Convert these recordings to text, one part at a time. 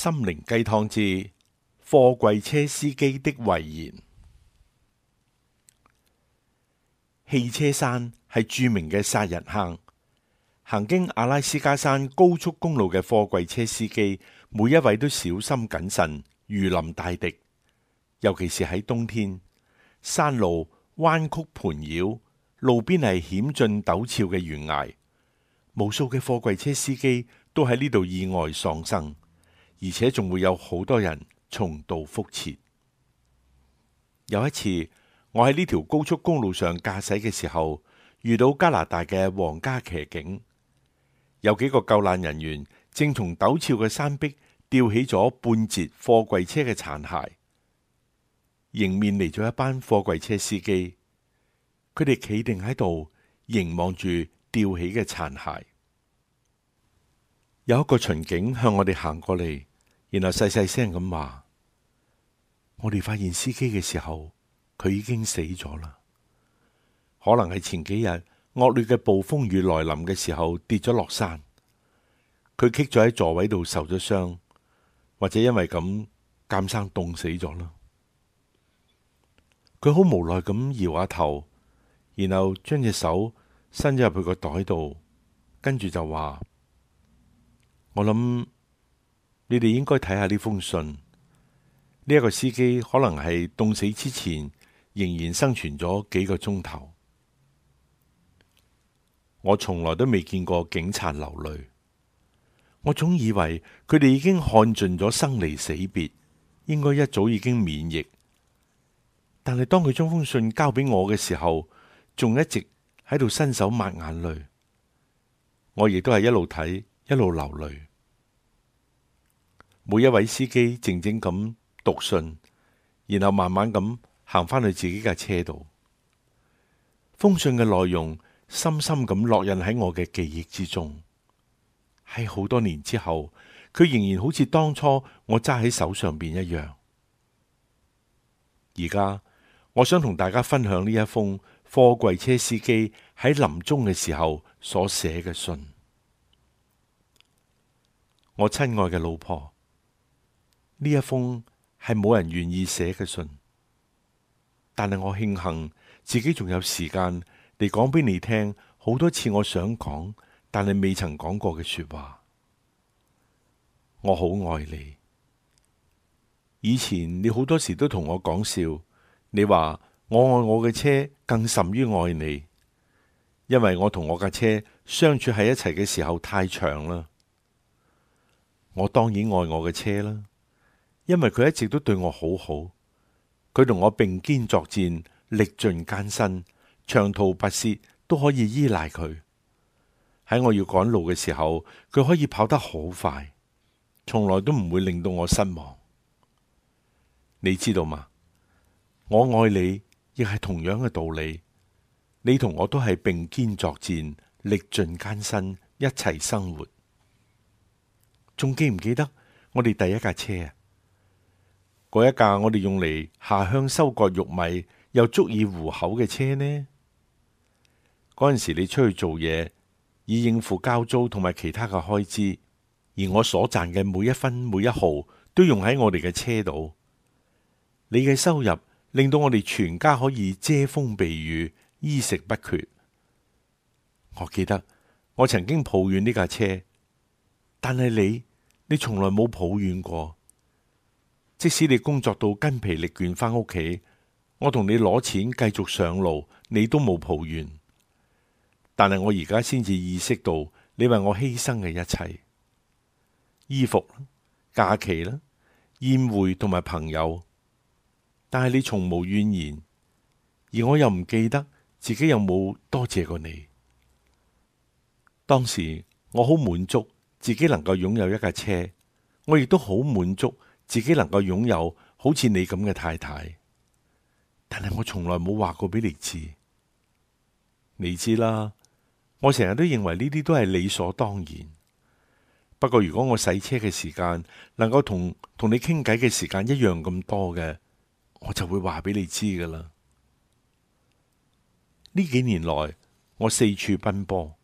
心靈雞湯之貨櫃車司機的遺言。汽車山係著名嘅殺人坑，行經阿拉斯加山高速公路嘅貨櫃車司機，每一位都小心謹慎，如臨大敵。尤其是喺冬天，山路彎曲盤繞，路邊係險峻陡峭嘅懸崖，無數嘅貨櫃車司機都喺呢度意外喪生。而且仲會有好多人重蹈覆轍。有一次，我喺呢條高速公路上駕駛嘅時候，遇到加拿大嘅皇家騎警，有幾個救難人員正從陡峭嘅山壁吊起咗半截貨櫃車嘅殘骸，迎面嚟咗一班貨櫃車司機，佢哋企定喺度凝望住吊起嘅殘骸，有一個巡警向我哋行過嚟。然後細細聲咁話：我哋發現司機嘅時候，佢已經死咗啦。可能係前幾日惡劣嘅暴風雨來臨嘅時候跌咗落山，佢棘咗喺座位度受咗傷，或者因為咁監生凍死咗啦。佢好無奈咁搖下頭，然後將隻手伸咗入去個袋度，跟住就話：我諗。你哋應該睇下呢封信。呢一個司機可能係凍死之前，仍然生存咗幾個鐘頭。我從來都未見過警察流淚。我總以為佢哋已經看盡咗生離死別，應該一早已經免疫。但係當佢將封信交俾我嘅時候，仲一直喺度伸手抹眼淚。我亦都係一路睇，一路流淚。每一位司機靜靜咁讀信，然後慢慢咁行翻去自己嘅車度。封信嘅內容深深咁烙印喺我嘅記憶之中。喺、哎、好多年之後，佢仍然好似當初我揸喺手上邊一樣。而家我想同大家分享呢一封貨櫃車司機喺臨終嘅時候所寫嘅信。我親愛嘅老婆。呢一封係冇人願意寫嘅信，但係我慶幸自己仲有時間嚟講俾你聽好多次我想講但係未曾講過嘅說話。我好愛你。以前你好多時都同我講笑，你話我愛我嘅車更甚於愛你，因為我同我架車相處喺一齊嘅時候太長啦。我當然愛我嘅車啦。因為佢一直都對我好好，佢同我並肩作戰，歷盡艱辛，長途跋涉都可以依賴佢。喺我要趕路嘅時候，佢可以跑得好快，從來都唔會令到我失望。你知道嘛？我愛你亦係同樣嘅道理，你同我都係並肩作戰，歷盡艱辛，一齊生活。仲記唔記得我哋第一架車啊？嗰一架我哋用嚟下鄉收割玉米又足以糊口嘅車呢？嗰陣時你出去做嘢，以應付交租同埋其他嘅開支，而我所賺嘅每一分每一毫都用喺我哋嘅車度。你嘅收入令到我哋全家可以遮風避雨、衣食不缺。我記得我曾經抱怨呢架車，但係你，你從來冇抱怨過。即使你工作到筋疲力倦，翻屋企，我同你攞錢繼續上路，你都冇抱怨。但係我而家先至意識到你為我犧牲嘅一切，衣服、假期啦、宴會同埋朋友，但係你從無怨言，而我又唔記得自己有冇多謝過你。當時我好滿足自己能夠擁有一架車，我亦都好滿足。自己能夠擁有好似你咁嘅太太，但係我從來冇話過俾你知。你知啦，我成日都認為呢啲都係理所當然。不過如果我洗車嘅時間能夠同同你傾偈嘅時間一樣咁多嘅，我就會話俾你知噶啦。呢幾年來我四處奔波，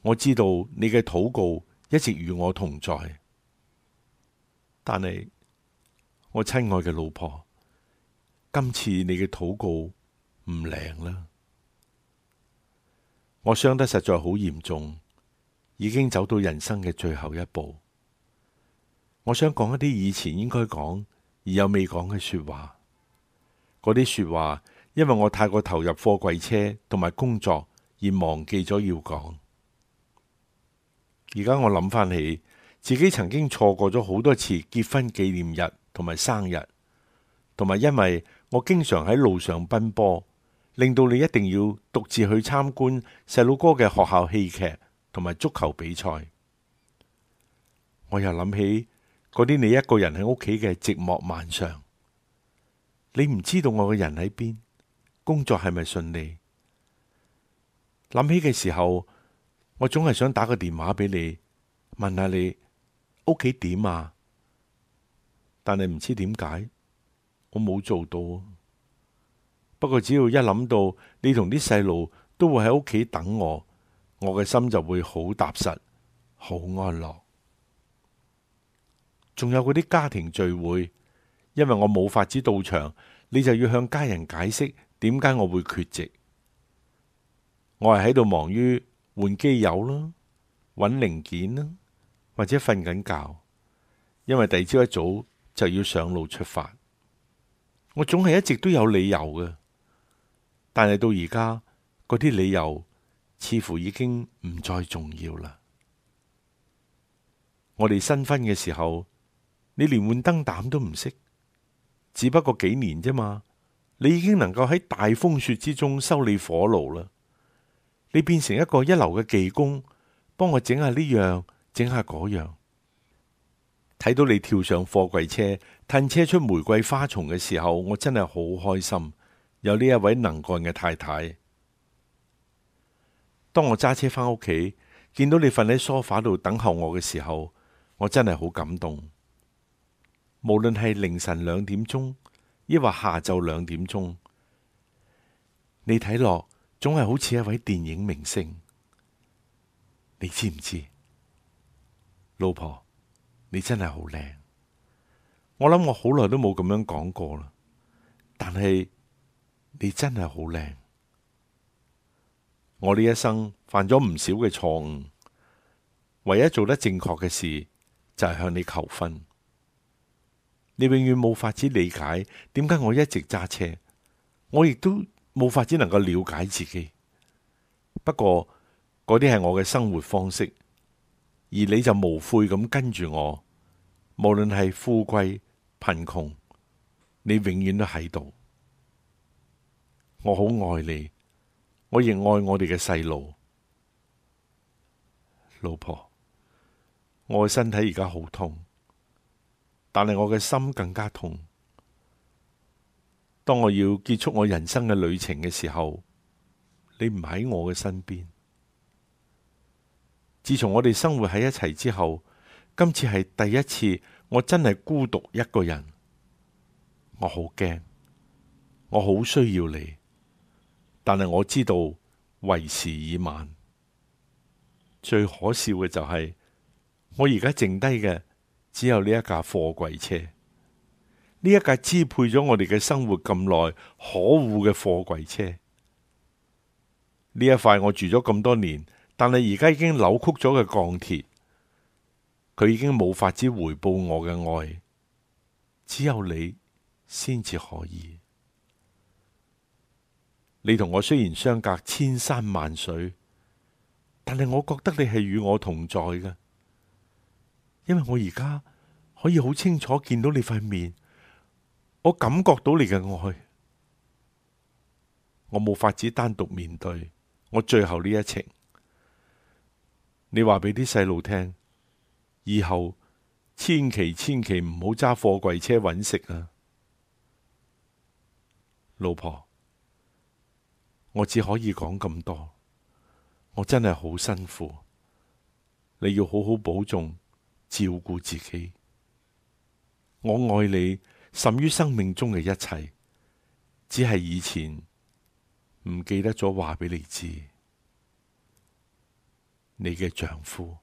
我知道你嘅禱告一直與我同在，但係。我親愛嘅老婆，今次你嘅禱告唔靈啦。我傷得實在好嚴重，已經走到人生嘅最後一步。我想講一啲以前應該講而又未講嘅說話，嗰啲說話，因為我太過投入貨櫃車同埋工作而忘記咗要講。而家我諗翻起自己曾經錯過咗好多次結婚紀念日。同埋生日，同埋因為我經常喺路上奔波，令到你一定要獨自去參觀細路哥嘅學校戲劇同埋足球比賽。我又諗起嗰啲你一個人喺屋企嘅寂寞晚上，你唔知道我嘅人喺邊，工作係咪順利？諗起嘅時候，我總係想打個電話俾你，問下你屋企點啊！但係唔知點解，我冇做到。不過只要一諗到你同啲細路都會喺屋企等我，我嘅心就會好踏實、好安樂。仲有嗰啲家庭聚會，因為我冇法子到場，你就要向家人解釋點解我會缺席。我係喺度忙於換機油啦、揾零件啦，或者瞓緊覺，因為第二朝一早。就要上路出發，我總係一直都有理由㗎，但係到而家嗰啲理由似乎已經唔再重要啦。我哋新婚嘅時候，你連換燈膽都唔識，只不過幾年啫嘛，你已經能夠喺大風雪之中修理火爐啦，你變成一個一流嘅技工，幫我整下呢樣，整下嗰樣。睇到你跳上貨櫃車，褪車出玫瑰花叢嘅時候，我真係好開心。有呢一位能幹嘅太太。當我揸車返屋企，見到你瞓喺梳化度等候我嘅時候，我真係好感動。無論係凌晨兩點鐘，抑或下晝兩點鐘，你睇落總係好似一位電影明星。你知唔知，老婆？你真係好靚，我諗我好耐都冇咁樣講過啦。但係你真係好靚，我呢一生犯咗唔少嘅錯誤，唯一做得正確嘅事就係向你求婚。你永遠冇法子理解點解我一直揸車，我亦都冇法子能夠了解自己。不過嗰啲係我嘅生活方式。而你就無悔咁跟住我，無論係富貴貧窮，你永遠都喺度。我好愛你，我亦愛我哋嘅細路。老婆，我嘅身體而家好痛，但係我嘅心更加痛。當我要結束我人生嘅旅程嘅時候，你唔喺我嘅身邊。自從我哋生活喺一齊之後，今次係第一次我真係孤獨一個人，我好驚，我好需要你，但係我知道為時已晚。最可笑嘅就係、是、我而家剩低嘅只有呢一架貨櫃車，呢一架支配咗我哋嘅生活咁耐可惡嘅貨櫃車，呢一塊我住咗咁多年。但係而家已經扭曲咗嘅鋼鐵，佢已經冇法子回報我嘅愛，只有你先至可以。你同我雖然相隔千山萬水，但係我覺得你係與我同在嘅，因為我而家可以好清楚見到你塊面，我感覺到你嘅愛，我冇法子單獨面對，我最後呢一程。你話俾啲細路聽，以後千祈千祈唔好揸貨櫃車搵食啊！老婆，我只可以講咁多，我真係好辛苦。你要好好保重，照顧自己。我愛你甚於生命中嘅一切，只係以前唔記得咗話俾你知。你嘅丈夫。